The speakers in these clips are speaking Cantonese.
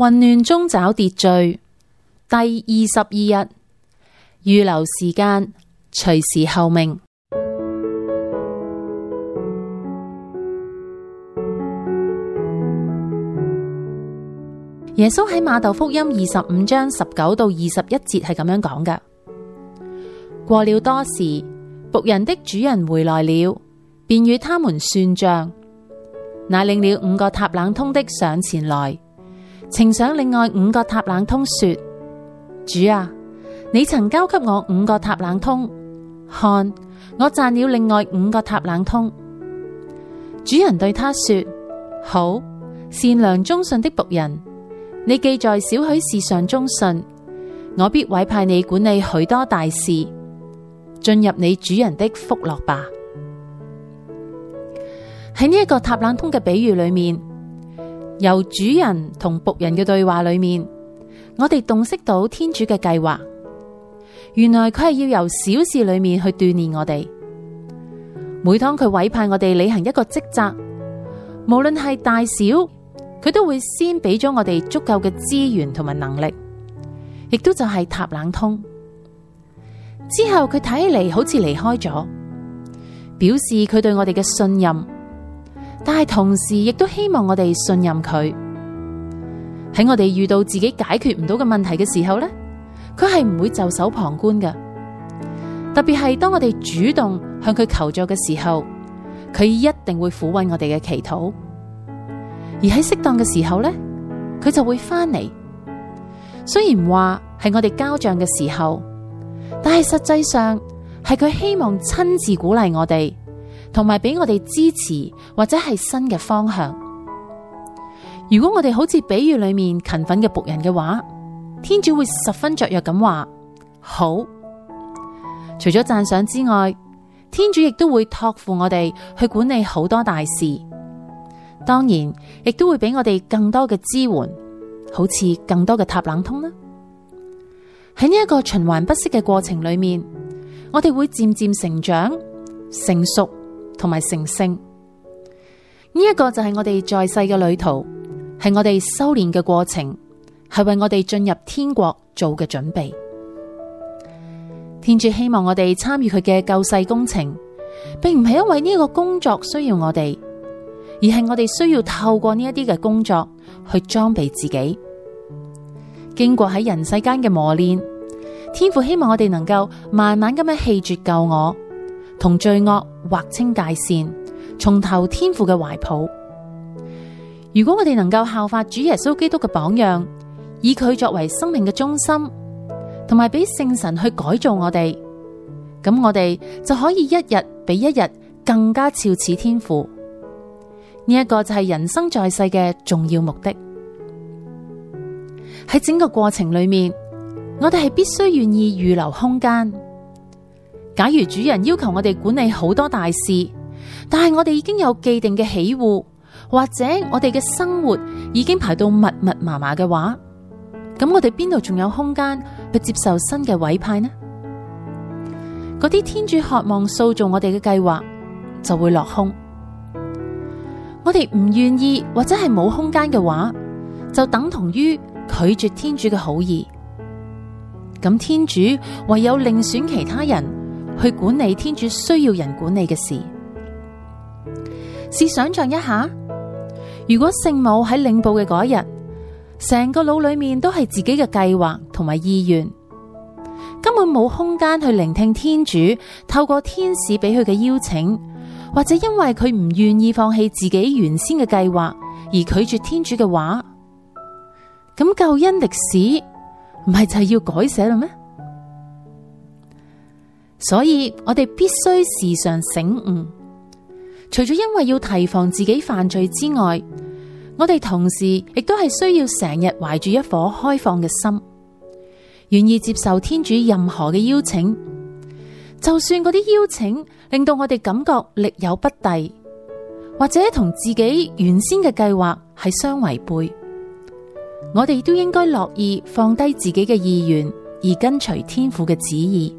混亂中找秩序。第二十二日，預留時間，隨時候命。耶穌喺馬竇福音二十五章十九到二十一節係咁樣講㗎。過了多時，僕人的主人回來了，便與他們算賬。乃領了五個塔冷通的上前來。呈上另外五個塔冷通說：主啊！你曾交給我五個塔冷通，看，我賺了另外五個塔冷通。主人對他說：好！善良忠信的僕人，你既在少許事上忠信，我必委派你管理許多大事。進入你主人的福樂吧喺呢一個塔冷通嘅比喻裏面，由主人同僕人嘅對話裏面，我哋洞悉到天主嘅計劃。原來佢係要由小事裏面去鍛鍊我哋。每當佢委派我哋履行一個職責，無論係大小，佢都會先俾咗我哋足夠嘅資源同埋能力，亦都就係塔冷通。之後佢睇起嚟好似離開咗，表示佢對我哋嘅信任。但係同時，亦都希望我哋信任佢。喺我哋遇到自己解決唔到嘅問題嘅時候咧，佢係唔會袖手旁觀嘅。特別係當我哋主動向佢求助嘅時候，佢一定會俯允我哋嘅祈禱。而喺適當嘅時候咧，佢就會返嚟。雖然話係我哋交賬嘅時候，但係實際上係佢希望親自鼓勵我哋。同埋俾我哋支持或者係新嘅方向。如果我哋好似比喻裏面勤奮嘅僕人嘅話，天主會十分雀約雀躍咁話好。除咗讚賞之外，天主亦都會托付我哋去管理好多大事，當然亦都會俾我哋更多嘅支援，好似更多嘅塔冷通啦。喺呢一個循環不息嘅過程裏面，我哋會漸漸成長成熟。同埋成聖，呢一個就係我哋在世嘅旅途，係我哋修煉嘅過程，係為我哋進入天國做嘅準備。天主希望我哋參與佢嘅救世工程，並唔係因為呢個工作需要我哋，而係我哋需要透過呢一啲嘅工作去裝備自己。經過喺人世間嘅磨練，天父希望我哋能夠慢慢咁樣棄絕舊我同罪惡劃清界線，重投天父嘅懷抱。如果我哋能夠效法主耶穌基督嘅榜樣，以佢作為生命嘅中心，同埋俾聖神去改造我哋，咁我哋就可以一日比一日更加肖似天父。呢一個就係人生在世嘅重要目的。喺整個過程裏面，我哋係必須願意預留空間，假如主人要求我哋管理好多大事，但係我哋已經有既定嘅喜惡，或者我哋嘅生活已經排到密密麻麻嘅話，咁我哋邊度仲有空間去接受新嘅委派呢？嗰啲天主渴望塑造我哋嘅計劃就會落空。我哋唔願意或者係冇空間嘅話，就等同於拒絕天主嘅好意。咁天主唯有另選其他人。去管理天主需要人管理嘅事。試想象一下，如果聖母喺領報嘅嗰日，成個腦裏面都係自己嘅計劃同埋意願，根本冇空間去聆聽天主透過天使俾佢嘅邀請，或者因為佢唔願意放棄自己原先嘅計劃而拒絕天主嘅話，咁救恩歷史唔係就係要改寫啦咩？所以我哋必須時常醒悟，除咗因為要提防自己犯罪之外，我哋同時亦都係需要成日懷住一顆開放嘅心，願意接受天主任何嘅邀請。就算嗰啲邀請令到我哋感覺力有不逮，或者同自己原先嘅計劃係相違背，我哋都應該樂意放低自己嘅意願，而跟隨天父嘅旨意。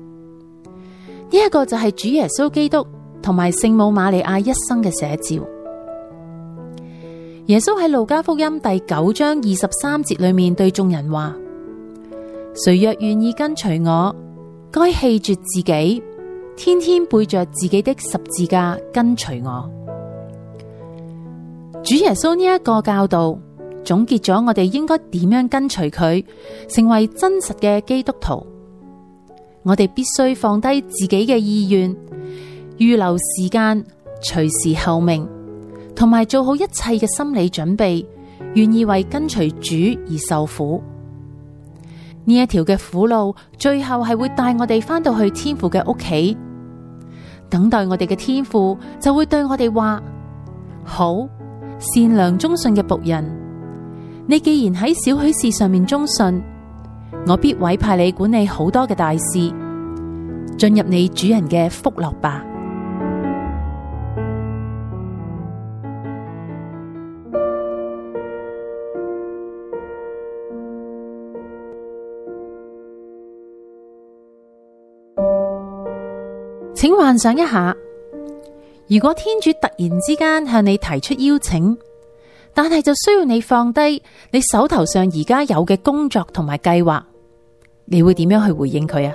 呢一個就係主耶穌基督同埋聖母瑪利亞一生嘅寫照。耶穌喺路加福音第九章二十三節裏面對眾人話：「誰若願意跟隨我，該棄絕自己，天天背着自己的十字架跟隨我。」主耶穌呢一個教導，總結咗我哋應該點樣跟隨佢，成為真實嘅基督徒。我哋必須放低自己嘅意願，預留時間，隨時候命，同埋做好一切嘅心理準備，願意為跟隨主而受苦。呢一條嘅苦路，最後係會帶我哋返到去天父嘅屋企，等待我哋嘅天父就會對我哋話：好，善良忠信嘅僕人，你既然喺少許事上面忠信。我必委派你管理好多嘅大事，進入你主人嘅福樂吧。請幻想一下，如果天主突然之間向你提出邀請。但係就需要你放低你手頭上而家有嘅工作同埋計劃，你會點樣去回應佢啊？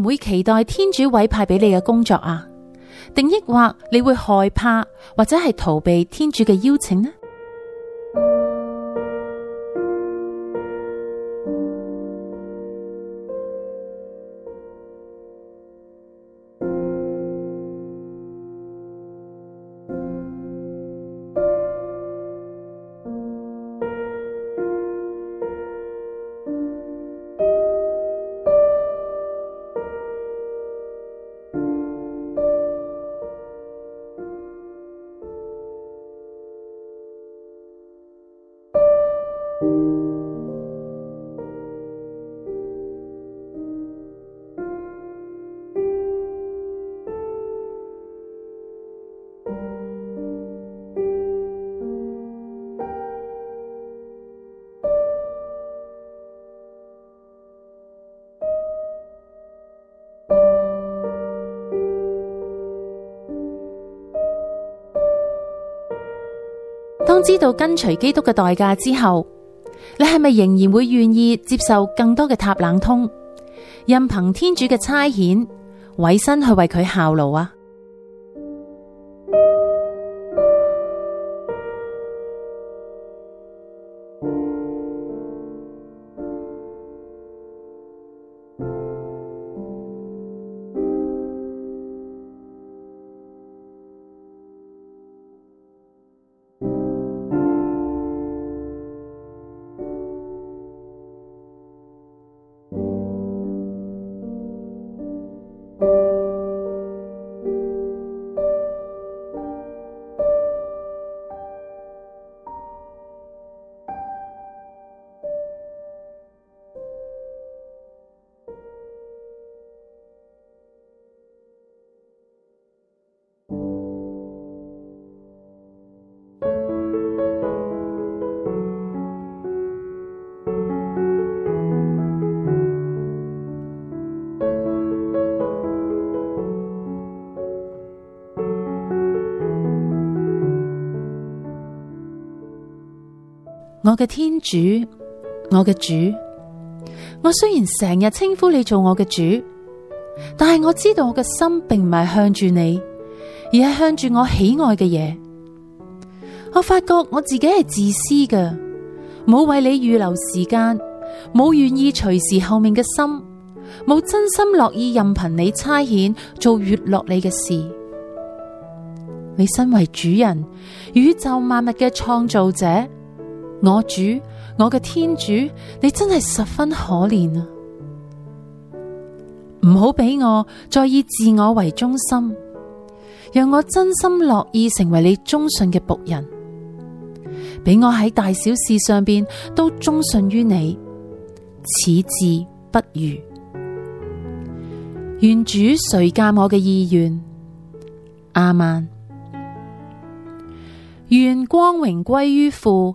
你會期待天主委派俾你嘅工作啊，定抑或你會害怕或者係逃避天主嘅邀請呢？知道跟隨基督嘅代價之後，你係咪仍然會願意接受更多嘅塔冷通，任憑天主嘅差遣，委身去為佢效勞啊？我嘅天主，我嘅主，我雖然成日稱呼你做我嘅主，但係我知道我嘅心並唔係向住你，而係向住我喜愛嘅嘢。我發覺我自己係自私嘅，冇為你預留時間，冇願意隨時候命嘅心，冇真心樂意任憑你差遣，做悅樂你嘅事。你身為主人，宇宙萬物嘅創造者。我主，我嘅天主，你真係十分可憐啊！唔好俾我再以自我為中心，讓我真心樂意成為你忠信嘅僕人，俾我喺大小事上邊都忠信於你，矢志不渝。願主垂鑒我嘅意願，亞孟，願光榮歸於父。